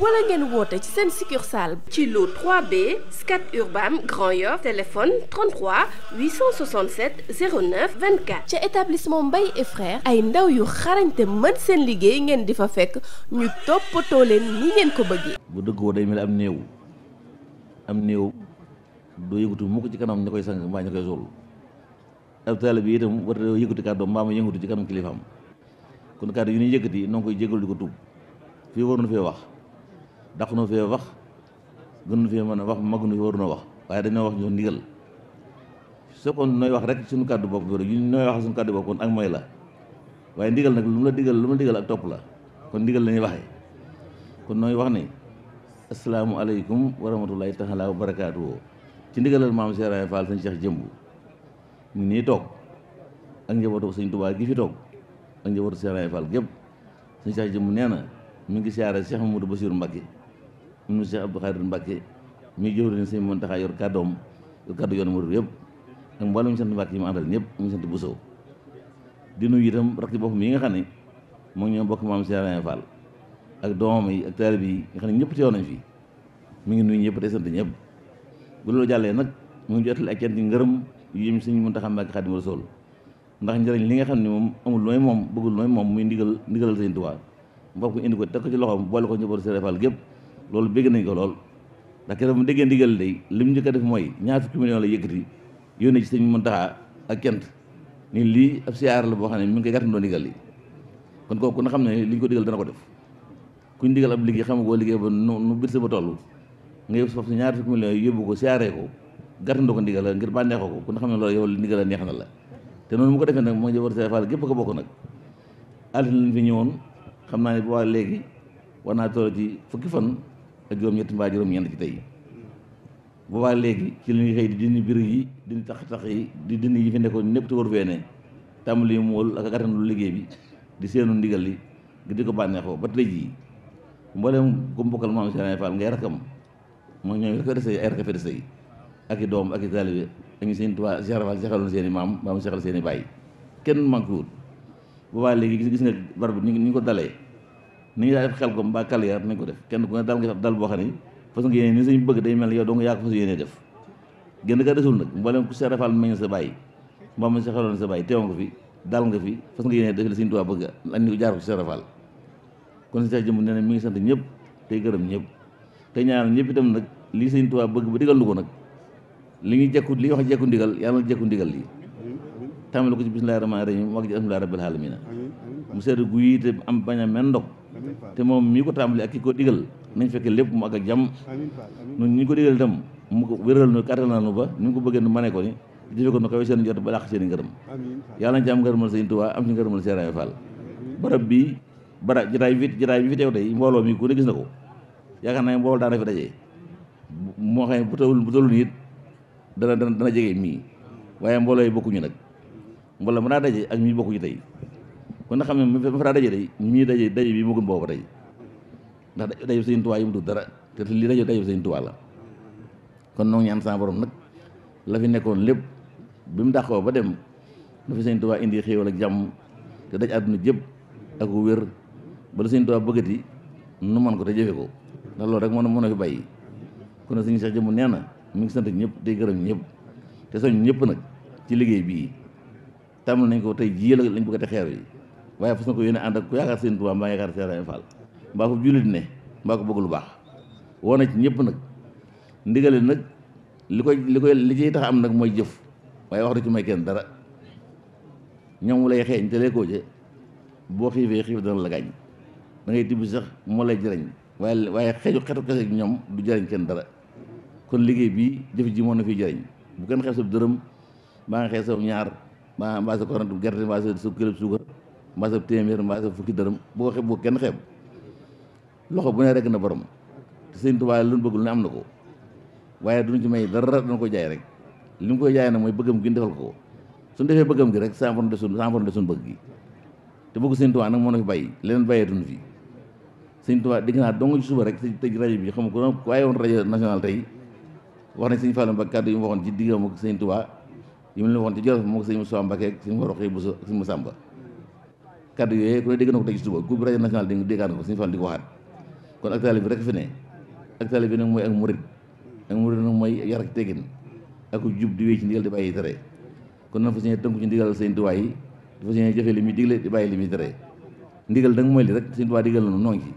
wala ngeen woote ci seen succursale ci lu 3B Scat Urbam Grand Yoff téléphone ca établissement Mbaye et ay ndaw yu xarañte mën seen liggéey ngeen di fa fekk ñu toppatoo leen ni ngeen ko bëggee bu dëggoo day mel am néew am néew doo yëngatu mukk ci kanam ñu koy sang mbaa ñu koy sol ab taalibe bi itam war a yëngatu kàddoom mbaa mu yëngatu ci kanam kilifaam kon kàddu yu ñuy yëkkati noo koy jégalu di ko tuub fii waroon fee wax daq nu fee wax gën gënu fee mën a wax magnu fi waruna wax waaye dañoo wax ñoo ndigal soo kon nooy wax rek suñu kàddu bopp bi ñu nooy wax suñu kàddu bopp kon ak mooy la waaye ndigal nag lu mu la digal lu mu la digal ak topp la kon ndigal la ñuy waxee kon nooy wax ni asalaamualeykum wa rahmatulahi taala wa barakaatu ci ndigalal maam Seeraay Faal sëñ Cheikh Jëmb ñu nii toog ak njabootu sëñ Tuubaa gi fi toog ak njabootu Seeraay Faal gépp sëñ Cheikh Jëmb nee na mi ngi siyaare Cheikh Mamadou Bassirou Mbacké ibnu Cheikh Abdou Khadir Mbacke mi jëwriñ sëñ Mountakha yor kàddoom yor kàddu yoonu murid yëpp ak mboolem sant mu àndal ñëpp mu sant Bousso di nuyu itam rakk boppam yi nga xam ne moom ñoo bokk maam Serigne Fall ak yi ak taalibe yi nga ñëpp teew nañ fi mi ngi nuyu ñëpp tey sant ñëpp bu loolu jàllee nag mu ngi jotal ak cant yi ngërëm yu yëm sëñ Mountakha Mbacke Xaadimu Rasuul ndax njëriñ li nga xam ne moom amul looy moom bëggul looy moom muy ndigal ndigalal sëñ Tuubaa mbokk indi ko teg ko ci loxoom boole ko njëbor Serigne Fall gépp loolu bégg nañ ko lool ndax keroog mu déggee ndigal day lim njëkk a def mooy ñaar fukki million la yëkkati yónnee ci sëñ Muntaxa ak kent ni lii ab siyaar la boo xam ne mi ngi koy gàttandoo ndigal li kon kooku ku na xam ne li ñu ko digal dana ko def kuñ digal ab liggéey xam nga liggéey ba nu nu biir sa ba toll nga yóbbu foofu ñaar fukki million ko siyaaree ko gàttandoo ko ndigal la ngir bànneex ko ku na xam ne loolu yow ndigal la neex na la te noonu mu ko defee nag moo jëwar sa faal gépp ko bokk nag altin lañ fi ñëwoon xam naa ne bu waa léegi war naa toll ci fukki fan ak juróom-ñetti mbaa juróom-ñeent ci tey boobaa léegi ci la ñuy xëy di dindi birig yi dindi tax-tax yi di dindi yi fi nekkoon ñëpp te war fee ne tàmbali yu mool ak liggéey bi di seenu ndigal li gi bànneexoo ba tey jii mboolem ku mbokkal maam Cheikh Fall ngay rakam moo ñooy rek desey ay rek desey yi ak i doom ak i taalibe ak ñu seen Tuubaa Cheikh Fall seexaloon seen i maam maam seexal seen i baay kenn manqué wut boobaa léegi gis nga barab bi ñu ko dalee ni ñu daa def xel kom ba kaliyaar nañ ko def kenn ku ne dal nga def dal boo xam ne fas nga yéene ni sañ bëgg day mel ne yow dong yaa ko fas yéene def génn ka desul nag mboolem ku serafal meñ sa bàyyi mbaa mañ sa xeloon sa bàyyi teew nga fi dal nga fi fas nga yéene def la Sëriñ Tuubaa bëgg andi ko jaar ko serafal kon si Seex Jëmb nee na mi ngi sant ñëpp tey gërëm ñëpp te ñaanal ñëpp itam nag lii Sëriñ Tuubaa bëgg ba digal lu ko nag li ñu jekku li ñu wax jekku ndigal yàlla na jekku ndigal lii tàmbali ko ci bismillaahi rahmaani rahiim wax ji alhamdulillaahi rabbil aalamiin mu sedd guyi te am bañ a men ndog te moom mii ko tàmbali ak ki ko digal nañ fekk lépp mu ak ak jàmm ñun ñi ko digal tam mu ko wéral nu kàttal na nu ba ni mu ko bëggee nu mane ko ni jëfe ko nu kawe seen jot ba dàq seen i ngërëm yàlla na ci am ngërëmal sëñ Tuubaa am ci ngërëmal seeraay Fall barab bii bara jotaay bi jotaay bi fi teew tey mbooloo mi ku ne gis na ko yaakaar naa mbooloo daana fi dajee moo xam ne bu tawul bu tawul nit dana dana dana jege mii waaye mbooloo yi bokkuñu nag mbooloo mën naa daje ak mii bokkuñu tey kon na xam ne ma fa daa daje day mii daje daje bi mu gën boobu daje ndax daje sëñ Tuubaa yi mu du dara te li daje daje sëñ Tuubaa la kon noo ñaan sa borom nag la fi nekkoon lépp bi mu dàqoo ba dem na fi sëñ Tuubaa indi xéewal ak jàmm te daj àdduna jëpp ak wér ba la sëñ Tuubaa bëggati nu man ko te jëfe ko ndax loolu rek mën mën a fi bàyyi kon nag sëñ Cheikh Jëmb nee na mu ngi sant ñëpp di gërëm ñépp te soñ ñëpp nag ci liggéey bii tàmm nañ ko tey jii la lañ bëgg te xeer yi waaye fas ko yéene ànd ak ku yaakaar seen Tuubaa mbaa yaakaar seen Ibrahima Fall mbaa ko jullit ne mbaa ko bëgg lu baax woo na ci ñëpp nag ndigale nag li koy li koy li tax am nag mooy jëf waaye wax du ci may kenn dara ñoom lay xeeñ te lekkoo je boo xiifee xiif dana la gaañ da ngay moo lay jëriñ waaye waaye xeeju xetu kese ñoom du jëriñ kenn dara kon liggéey bii jëf ji moo na fiy jëriñ bu kenn xeeb sa dërëm mbaa nga xeeb sa ñaar mbaa mbaa sa korante gerte mbaa sa sa suukar mbaa sa téeméer mbaa fukki dërëm bu ko xeeb bu kenn xeeb loxo bu ne rek na borom te sëñ Tuubaa lu ñu bëgg lu ne am na ko waaye duñ ci may dara dañ ko jaay rek li mu koy jaay nag mooy bëggam gi defal ko suñ defee bëggam gi rek sans de suñ sans borom de suñ te bëgg sëñ Tuubaa nag moo na fi bàyyi leneen bàyyeetuñu fi sëñ Tuubaa dégg naa dong ci suba rek si tëj rajo bi xam nga ko waaye woon rajo national tey wax nañ sëñ Fallou Mbacké kàddu yi mu waxoon ci diggam ak sëñ Tuubaa yi mu leen waxoon ci Jolof moom ak sëñ Moussa Mbacké ak sëñ Moroxi Bousso ak sëñ kaddu yooyu ku ne dégg na ko tey ci suba groupe bi rek fi ne ak taalibe bi nag mooy ak murid ak murid nag mooy yar ak teggin ak jub di wéy ci ndigal di bàyyi tere kon nan fa seen tënku ci li muy digle di da nga mooy li rek noo ngi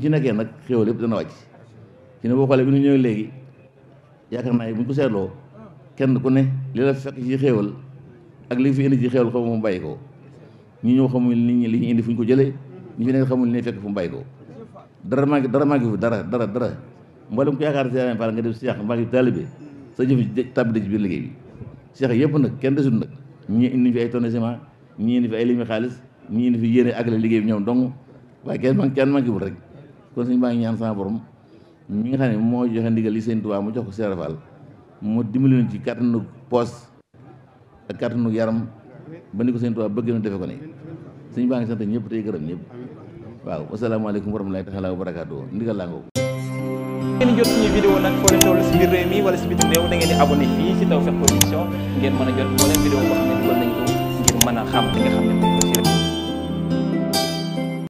ci nekkee nag xéwal yëpp dana wàcc ci ne boo xoolee bi ñu ñëwee léegi yaakaar naa buñ ko seetloo kenn ku ne li la fekk ci xéwal ak li fi indi ci xéwal xaw bàyyi ko ñi ñëw xamul nit ñi li ñu indi fu ñu ko jëlee ñi fi nekk xamul li ñuy fekk fu mu bàyyi ko dara maa ngi dara maa ngi dara dara dara mboolem ku yaakaar Serigne Fall nga def si yàq mbaa ngi sa jëf tàbbi biir liggéey bi Cheikh yëpp nag kenn desul nag ñii indi fi ay tonne ciment ñii indi fi ay limi xaalis ñii indi fi yéene àggale liggéey bi ñoom dong waaye kenn man kenn manqué rek kon suñu baa ngi ñaan sama borom mi nga xam ne moo joxe ndigal li Serigne Touba mu jox ko Serigne Fall mu dimbali ci kàttanu poos ak kàttanu yaram ba ni ko sëñ Tuubaa bëgg na defe ko ne sëñ baa ngi sant ñëpp tey gërëm ñëpp waaw wasalaamaaleykum wa rahmatulaahi taala wa barakaatu ndigal laa ngoog da ngeen di abonné a ngir mën a xam nga xam